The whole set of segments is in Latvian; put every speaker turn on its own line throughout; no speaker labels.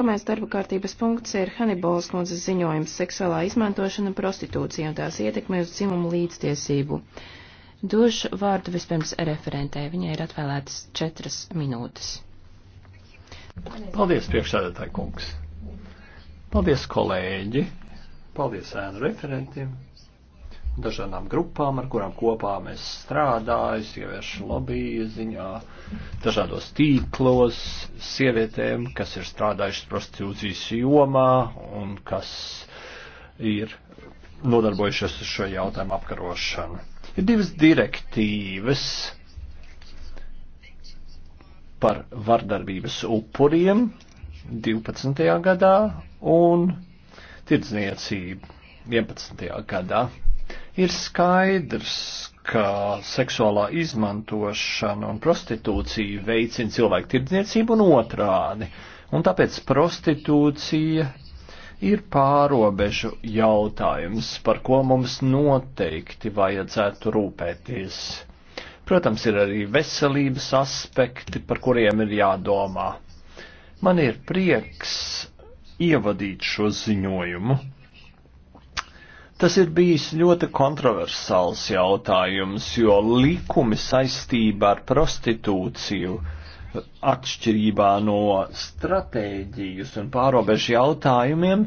Nākamais darba kārtības punkts ir Hanibolas kundzes ziņojums - seksuālā izmantošana prostitūcija un tās ietekme uz dzimumu līdztiesību. Došu vārdu vispirms referentē. Viņai ir atvēlētas
četras minūtes. Paldies, priekšsēdētāji kungs! Paldies, kolēģi! Paldies ēnu referentiem! dažādām grupām, ar kurām kopā mēs strādājam, sieviešu lobija ziņā, dažādos tīklos, sievietēm, kas ir strādājušas prostitūcijas jomā un kas ir nodarbojušies ar šo jautājumu apkarošanu. Ir divas direktīvas par vardarbības upuriem 12. gadā un tirdzniecību 11. gadā. Ir skaidrs, ka seksuālā izmantošana un prostitūcija veicina cilvēku tirdzniecību un otrādi, un tāpēc prostitūcija ir pārobežu jautājums, par ko mums noteikti vajadzētu rūpēties. Protams, ir arī veselības aspekti, par kuriem ir jādomā. Man ir prieks ievadīt šo ziņojumu. Tas ir bijis ļoti kontroversāls jautājums, jo likumi saistībā ar prostitūciju atšķirībā no stratēģijas un pārobežu jautājumiem,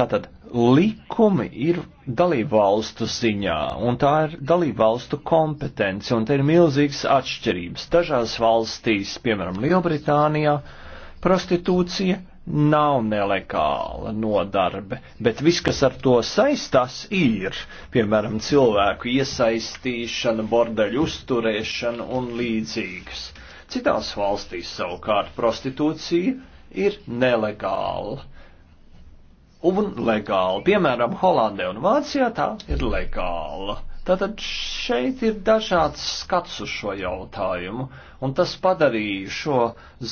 tātad likumi ir dalībvalstu ziņā, un tā ir dalībvalstu kompetence, un te ir milzīgas atšķirības. Dažās valstīs, piemēram, Lielbritānijā, prostitūcija nav nelegāla nodarbe, bet viss, kas ar to saistās, ir, piemēram, cilvēku iesaistīšana, bordeļu uzturēšana un līdzīgas. Citās valstīs savukārt prostitūcija ir nelegāla un legāla. Piemēram, Holandē un Vācijā tā ir legāla. Tātad šeit ir dažāds skats uz šo jautājumu, un tas padarīja šo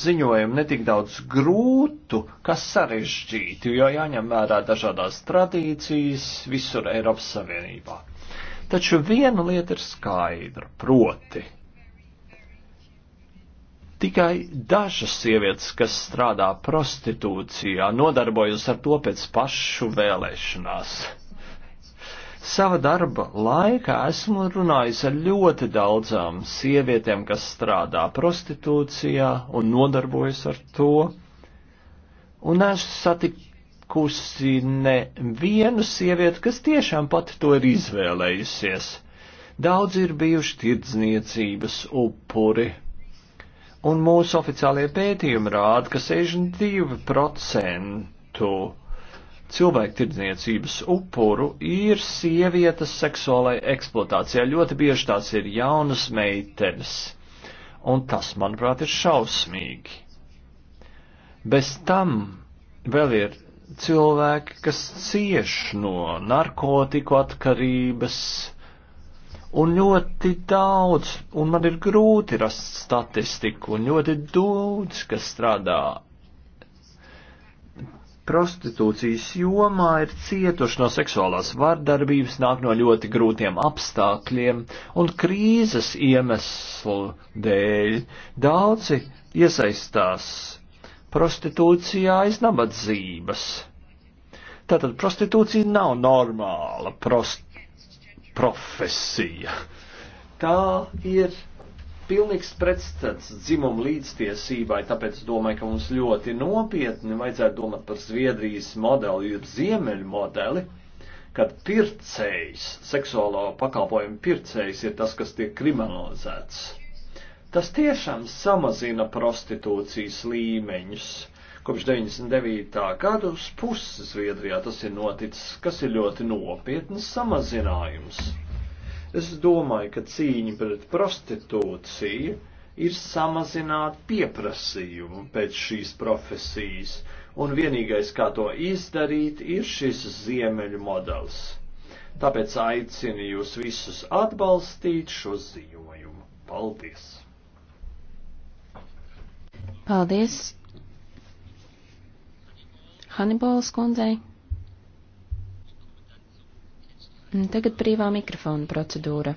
ziņojumu netik daudz grūtu, kas sarežģīti, jo jāņem vērā dažādās tradīcijas visur Eiropas Savienībā. Taču viena lieta ir skaidra, proti. Tikai dažas sievietes, kas strādā prostitūcijā, nodarbojas ar to pēc pašu vēlēšanās Sava darba laikā esmu runājis ar ļoti daudzām sievietēm, kas strādā prostitūcijā un nodarbojas ar to, un esmu satikusi nevienu sievieti, kas tiešām pati to ir izvēlējusies. Daudz ir bijuši tirdzniecības upuri, un mūsu oficiālie pētījumi rāda, ka 62% cilvēktirdzniecības upuru ir sievietes seksuālai eksploatācijā. Ļoti bieži tās ir jaunas meitenes. Un tas, manuprāt, ir šausmīgi. Bez tam vēl ir cilvēki, kas cieš no narkotiku atkarības, un ļoti daudz, un man ir grūti rast statistiku, un ļoti daudz, kas strādā prostitūcijas jomā ir cietuši no seksuālās vardarbības, nāk no ļoti grūtiem apstākļiem un krīzes iemeslu dēļ. Daudzi iesaistās prostitūcijā aiz nabadzības. Tātad prostitūcija nav normāla prost profesija. Tā ir pilnīgs pretstats dzimumu līdztiesībai, tāpēc domāju, ka mums ļoti nopietni vajadzētu domāt par Zviedrijas modeli, jeb ziemeļu modeli, kad pircējs, seksuālo pakalpojumu pircējs ir tas, kas tiek kriminalizēts. Tas tiešām samazina prostitūcijas līmeņus. Kopš 99. gada uz puses Zviedrijā tas ir noticis, kas ir ļoti nopietns samazinājums. Es domāju, ka cīņa pret prostitūciju ir samazināt pieprasījumu pēc šīs profesijas, un vienīgais, kā to izdarīt, ir šis ziemeļu modelis. Tāpēc aicinu jūs visus atbalstīt šo ziņojumu. Paldies!
Paldies! Hannibals kundzei! Mm, tagad brīvā mikrofona procedūra.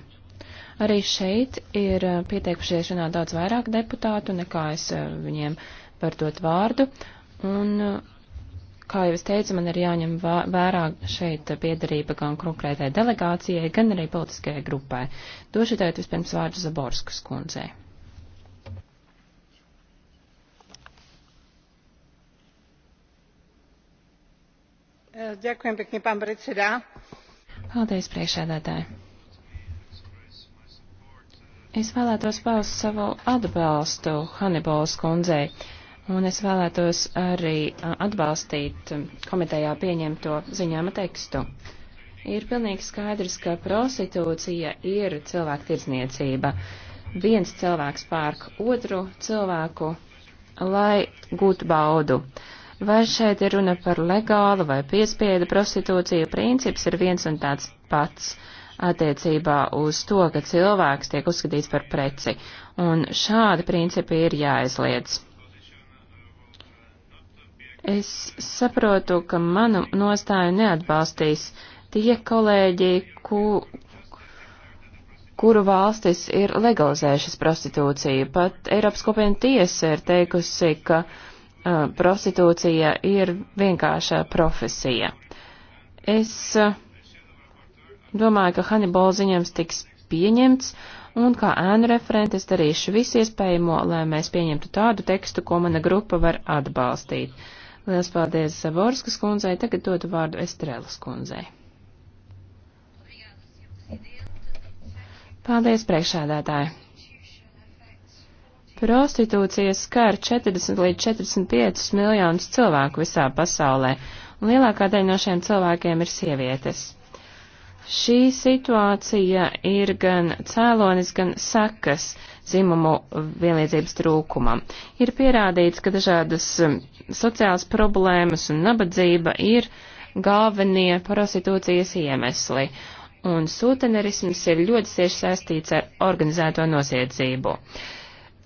Arī šeit ir eh, pieteikušies runāt daudz vairāk deputātu, nekā es eh, viņiem varu dot vārdu. Un, eh, kā jau es teicu, man ir jāņem vērā šeit piedarība gan konkrētai delegācijai, gan arī politiskajai grupai. Došu tagad vispirms vārdu Zaborskas kundzei.
Ďakujem pekne, pán predseda
Paldies, priekšēdētāji. Es vēlētos paust savu atbalstu Hanibolas kundzei, un es vēlētos arī atbalstīt komitejā pieņemto ziņojuma tekstu. Ir pilnīgi skaidrs, ka prostitūcija ir cilvēku tirdzniecība. Viens cilvēks pērk otru cilvēku, lai gūtu baudu. Uh, Vai šeit ir runa par legālu vai piespiedu prostitūciju, princips ir viens un tāds pats attiecībā uz to, ka cilvēks tiek uzskatīts par preci, un šādi principi ir jāaizliedz. Es saprotu, ka manu nostāju neatbalstīs tie kolēģi, ku, kuru valstis ir legalizējušas prostitūciju. Pat Eiropas kopiena tiesa ir teikusi, ka uh, prostitūcija ir vienkārša profesija. Es domāju, ka Hannibal ziņams tiks pieņemts, un kā ēnu referente es darīšu visu iespējamo, lai mēs pieņemtu tādu tekstu, ko mana grupa var atbalstīt. Lielas paldies Zaborskas kundzei, tagad dodu vārdu Estrēlas kundzei. Paldies, priekšādātāji! Prostitūcija skar 40 līdz 45 miljonus cilvēku visā pasaulē, un lielākā daļa no šiem cilvēkiem ir sievietes. Šī situācija ir gan cēlonis, gan sakas dzimumu vienlīdzības trūkumam. Ir pierādīts, ka dažādas um, sociālas problēmas un nabadzība ir galvenie prostitūcijas iemesli, un sūtenerisms ir ļoti cieši saistīts ar organizēto noziedzību.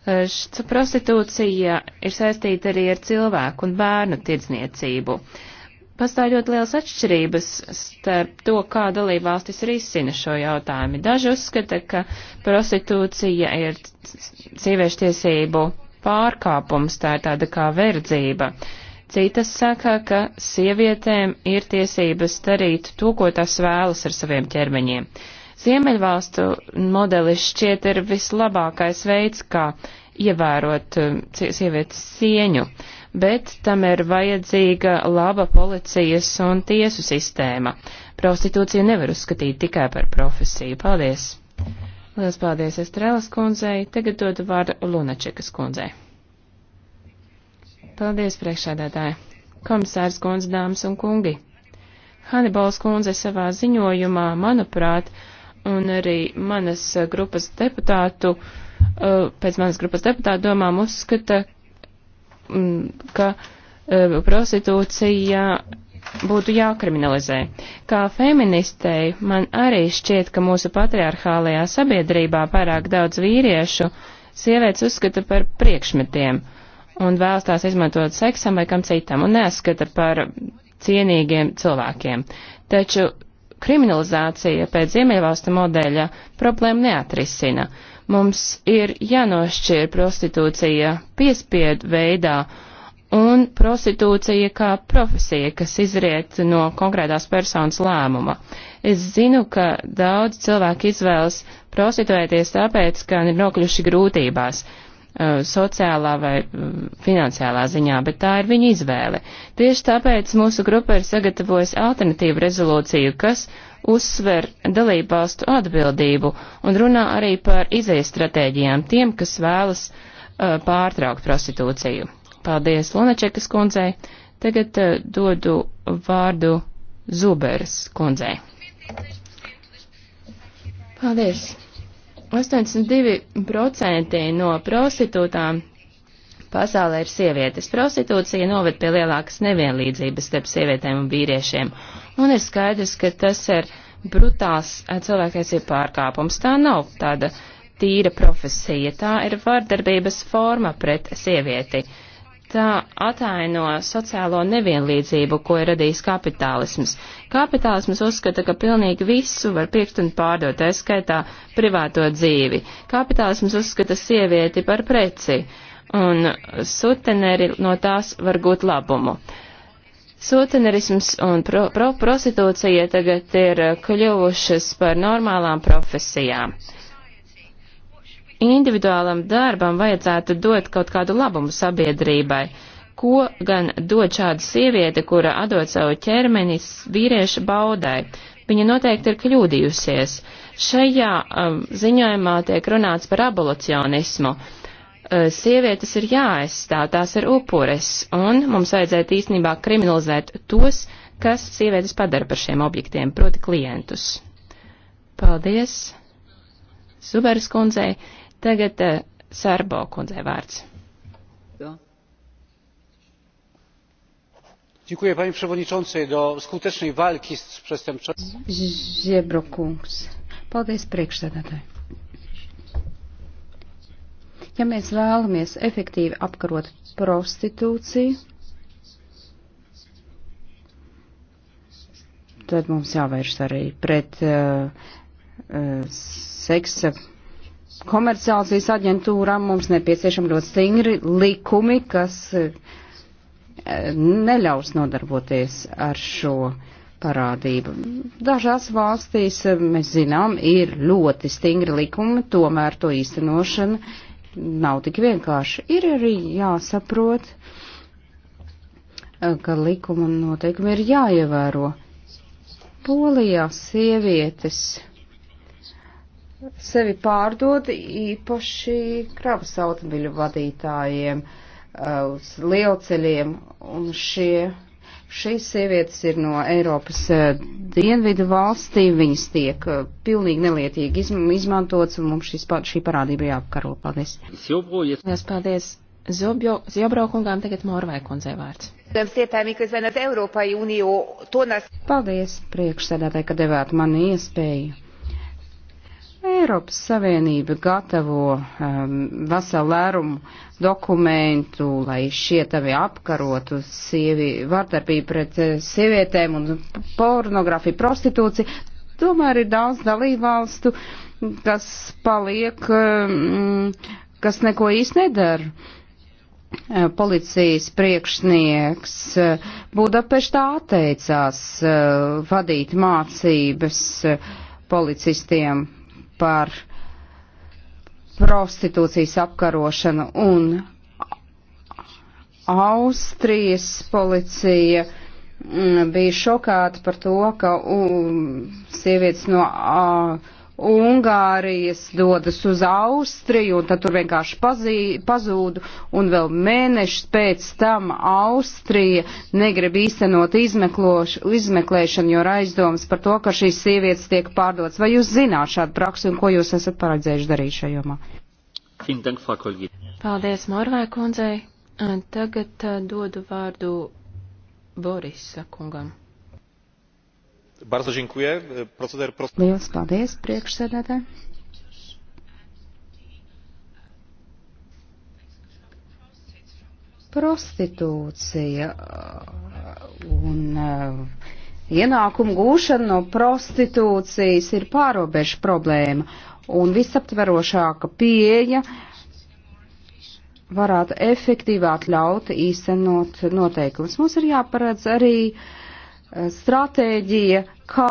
Šca prostitūcija ir saistīta arī ar cilvēku un bērnu tirdzniecību. Pastāv ļoti liels atšķirības starp to, kā dalībvalstis risina šo jautājumu. Daži uzskata, ka prostitūcija ir sieviešu tiesību pārkāpums, tā ir tāda kā verdzība. Citas saka, ka sievietēm ir tiesības darīt to, ko tās vēlas ar saviem ķermeņiem. Ziemeļvalstu modelis šķiet ir vislabākais veids, kā ievērot um, sievietes cieņu, bet tam ir vajadzīga laba policijas un tiesu sistēma. Prostitūciju nevar uzskatīt tikai par profesiju. Paldies! Lielas paldies Estrēlas kundzei, tagad dodu vārdu Lunačekas kundzei. Paldies, priekšādātāji! Komisārs kundze, dāmas un kungi! Hanibals kundze savā ziņojumā, manuprāt, un arī manas eh, grupas deputātu, eh, pēc manas grupas deputātu domām uzskata, mm, ka eh, prostitūcija būtu jākriminalizē. Kā feministei man arī šķiet, ka mūsu patriarchālajā sabiedrībā pārāk daudz vīriešu sievietes uzskata par priekšmetiem un vēlas tās izmantot seksam vai kam citam un neskata par cienīgiem cilvēkiem. Taču kriminalizācija pēc Ziemeļvalstu modeļa problēmu neatrisina. Mums ir jānošķir prostitūcija piespiedu veidā un prostitūcija kā profesija, kas izriet no konkrētās personas lēmuma. Es zinu, ka daudz cilvēku izvēlas prostituēties tāpēc, ka ir nokļuši grūtībās. Uh, sociālā vai uh, finansiālā ziņā, bet tā ir viņa izvēle. Tieši tāpēc mūsu grupa ir sagatavojusi alternatīvu rezolūciju, kas uzsver dalībvalstu atbildību un runā arī par izējas stratēģijām tiem, kas vēlas uh, pārtraukt prostitūciju. Paldies Lunačekas kundzei. Tagad uh, dodu vārdu Zuberas kundzei. Paldies. 82% no prostitūtām pasaulē ir sievietes. Prostitūcija noved pie lielākas nevienlīdzības starp sievietēm un vīriešiem, un ir skaidrs, ka tas ir brutāls cilvēktiesību pārkāpums. Tā nav tāda tīra profesija, tā ir vardarbības forma pret sievieti. Uh, tā ataino sociālo nevienlīdzību, ko ir radījis kapitālisms. Kapitālisms uzskata, ka pilnīgi visu var pirkt un pārdot, aizskaitā privāto dzīvi. Kapitālisms uzskata sievieti par preci, un suteneri no tās var gūt labumu. Sutenerisms un pro, pro, prostitūcija tagad ir kļuvušas par normālām profesijām. Uh, individuālam darbam vajadzētu dot kaut kādu labumu sabiedrībai. Ko gan dod šāda sieviete, kura atdod savu ķermeni vīrieša baudai? Viņa noteikti ir kļūdījusies. Šajā um, ziņojumā tiek runāts par abolicionismu. Uh, sievietes ir jāaizstāv, tās ir upures, un mums vajadzētu īstenībā kriminalizēt tos, kas sievietes padara par šiem objektiem, proti klientus. Paldies! Zuberas kundzei. Tagad uh, eh, Sērbo kundzē vārds.
Dziękuję panie przewodniczący do skutecznej walki z przestępczością. Ziebrokungs. Paldies priekšsēdētāji. Ja mēs vēlamies efektīvi apkarot prostitūciju, tad mums jāvērš arī pret uh, uh, seksa komercializācijas aģentūrām mums nepieciešami ļoti stingri likumi, kas eh, neļaus nodarboties ar šo parādību. Dažās valstīs, eh, mēs zinām, ir ļoti stingri likumi, tomēr to īstenošana nav tik vienkārši. Ir arī jāsaprot, eh, ka likuma noteikumi ir jāievēro. Polijā sievietes sevi pārdod īpaši kravas automobiļu vadītājiem uh, uz lielceļiem, un šie, šīs sievietes ir no Eiropas uh, dienvidu valstīm, viņas tiek uh, pilnīgi nelietīgi izmantotas, un mums šis, šī parādība jāapkaro. Paldies! Lielas paldies!
Ziobro kungām tagad Morvai kundzei vārds.
Paldies, priekšsēdētāji, ka devāt man iespēju Eiropas Savienība gatavo um, veselu lērumu dokumentu, lai šie tavi apkarotu sievi, vardarbību pret eh, sievietēm un pornografiju, prostitūciju. Tomēr ir daudz dalībvalstu, kas paliek, um, kas neko īsti nedara. Eh, policijas priekšnieks eh, Budapeštā atteicās uh, vadīt mācības policistiem par prostitūcijas apkarošanu un Austrijas policija mm, bija šokāta par to, ka um, sievietes no uh, Ungārijas dodas uz Austriju, un tad tur vienkārši pazī, pazūdu, un vēl mēnešus pēc tam Austrija negrib īstenot izmeklēšanu, jo ir aizdomas par to, ka šīs sievietes tiek pārdotas. Vai jūs zināt šādu praksi, un ko jūs esat paredzējuši darīt šajā jomā?
Paldies, Morvē kundzei. Tagad uh, dodu vārdu Borisa kungam.
Liels
paldies, priekšsēdētāji!
Prostitūcija uh, un uh, ienākumu gūšana no prostitūcijas ir pārobežu problēma, un visaptverošāka pieeja varētu efektīvāk ļaut īstenot noteikumus. Mums ir jāparedz arī uh, Eh, stratēģija, kā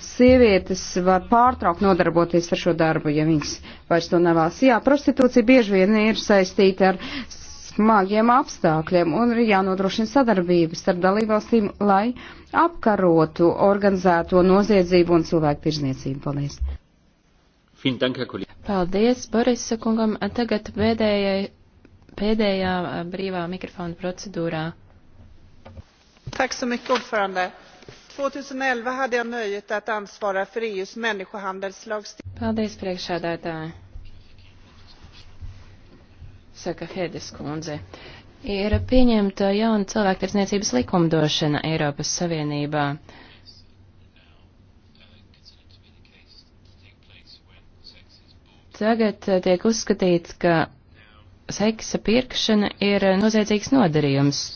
sievietes var pārtraukt nodarboties ar šo darbu, ja viņas vairs to nevēlas. Jā, prostitūcija bieži vien ir saistīta ar smagiem apstākļiem un ir jānodrošina sadarbības starp dalībvalstīm, lai apkarotu organizēto noziedzību un cilvēku tirzniecību.
Paldies!
Paldies, Borisa kungam. Tagad pēdējai, pēdējā eh, brīvā mikrofona procedūrā herr talman! år två hade jag nöjet att ansvara för eus människohandelslagstiftning. Paldies, priekšsēdētāji. Saka Hedes kundze. Ir pieņemta eh, jauna cilvēktirdzniecības likumdošana Eiropas Savienībā. Tagad tiek uzskatīts, ka seksa pirkšana ir noziedzīgs nodarījums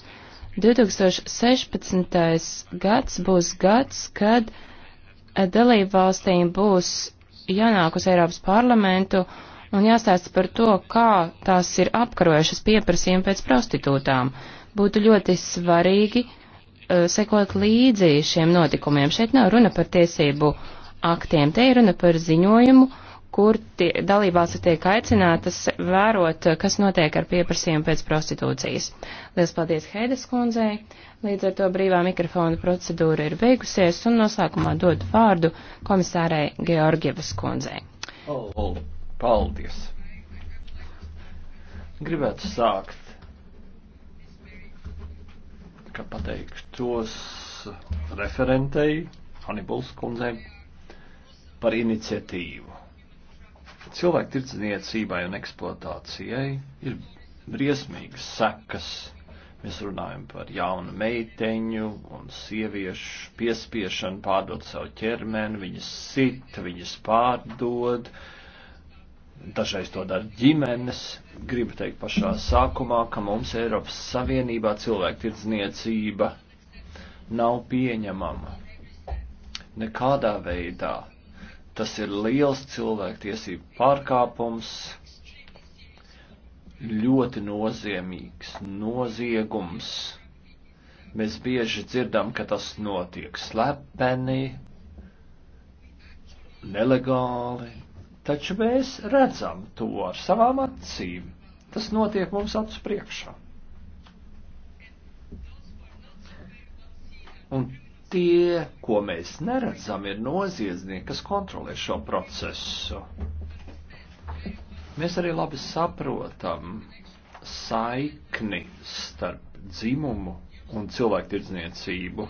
2016. gads būs gads, kad eh, dalību valstīm būs jānāk uz Eiropas parlamentu un jāstāsta par to, kā tās ir apkarojušas pieprasījumu pēc prostitūtām. Būtu ļoti svarīgi uh, sekot līdzi šiem notikumiem. Šeit nav runa par tiesību aktiem, te ir runa par ziņojumu, uh, kur tie, dalībvalstis tiek aicinātas vērot, kas notiek ar pieprasījumu pēc prostitūcijas. Lielas paldies Heides kundzei. Līdz ar to brīvā mikrofona procedūra ir beigusies un noslēgumā dod vārdu komisārai Georgievas kundzei.
Oh, paldies! Gribētu sākt, ka pateiktos referentei Hannibals kundzei par iniciatīvu cilvēku tirdzniecībai un eksploatācijai ir briesmīgas sekas. Mēs runājam par jaunu meiteņu un sieviešu piespiešanu pārdot savu ķermeni, viņas sit, viņas pārdod, dažreiz to dara ģimenes. Gribu teikt pašā sākumā, ka mums Eiropas Savienībā cilvēku tirdzniecība nav pieņemama nekādā veidā Tas ir liels cilvēktiesību pārkāpums, ļoti nozīmīgs noziegums. Mēs bieži dzirdam, ka tas notiek slepeni, nelegāli, taču mēs redzam to ar savām acīm. Tas notiek mums acu priekšā. Un Tie, ko mēs neredzam, ir noziedznieki, kas kontrolē šo procesu. Mēs arī labi saprotam saikni starp dzimumu un cilvēktirdzniecību.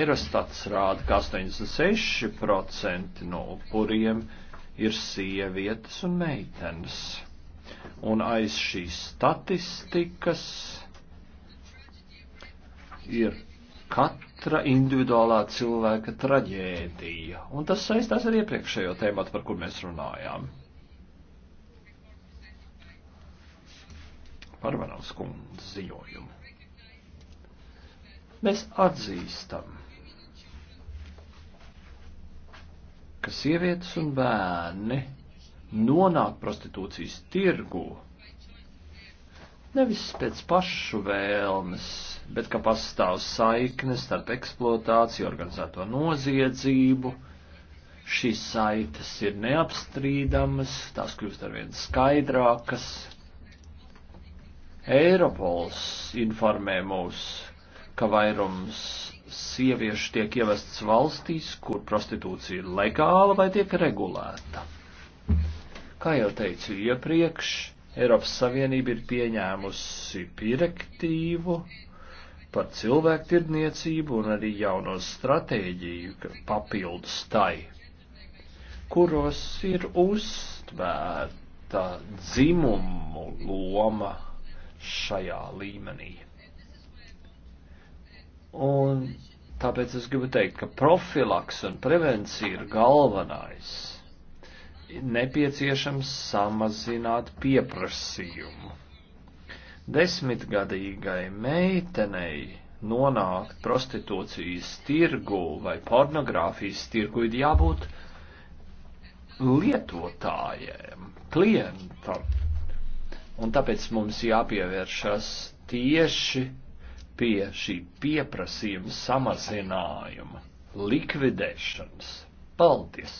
Eirostats rāda, ka 86% no upuriem ir sievietes un meitenes. Un aiz šīs statistikas ir katra katra individuālā cilvēka traģēdija. Un tas saistās ar iepriekšējo tēmatu, par kur mēs runājām. Parvanovs kundzes ziņojumu. Mēs atzīstam, ka sievietes un bērni nonāk prostitūcijas tirgu nevis pēc pašu vēlmes bet ka pastāv saiknes starp eksploatāciju, organizēto noziedzību. Šīs saites ir neapstrīdamas, tās kļūst arvien skaidrākas. Eiropols informē mūs, ka vairums sieviešu tiek ievestas valstīs, kur prostitūcija ir legāla vai tiek regulēta. Kā jau teicu iepriekš, Eiropas Savienība ir pieņēmusi direktīvu par cilvēktirdzniecību un arī jauno stratēģiju papildus tai, kuros ir uztvērta dzimumu loma šajā līmenī. Un tāpēc es gribu teikt, ka profilaks un prevencija ir galvenais. Nepieciešams samazināt pieprasījumu desmitgadīgai meitenei nonākt prostitūcijas tirgu vai pornogrāfijas tirgu ir jābūt lietotājiem, klientam. Un tāpēc mums jāpievēršas tieši pie šī pieprasījuma samazinājuma, likvidēšanas. Paldies!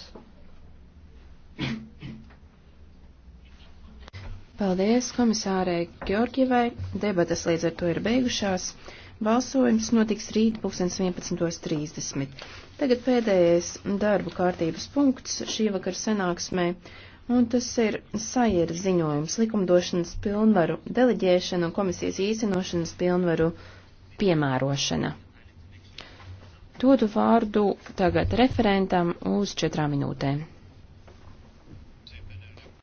Paldies komisārei Georgievai. Debatas līdz ar to ir beigušās. Balsojums notiks rīt 11.30. Tagad pēdējais darbu kārtības punkts šī vakar sanāksmē, un tas ir sajēra ziņojums likumdošanas pilnvaru deleģēšana un komisijas īstenošanas pilnvaru piemērošana. Dodu vārdu tagad referentam uz četrām minūtēm.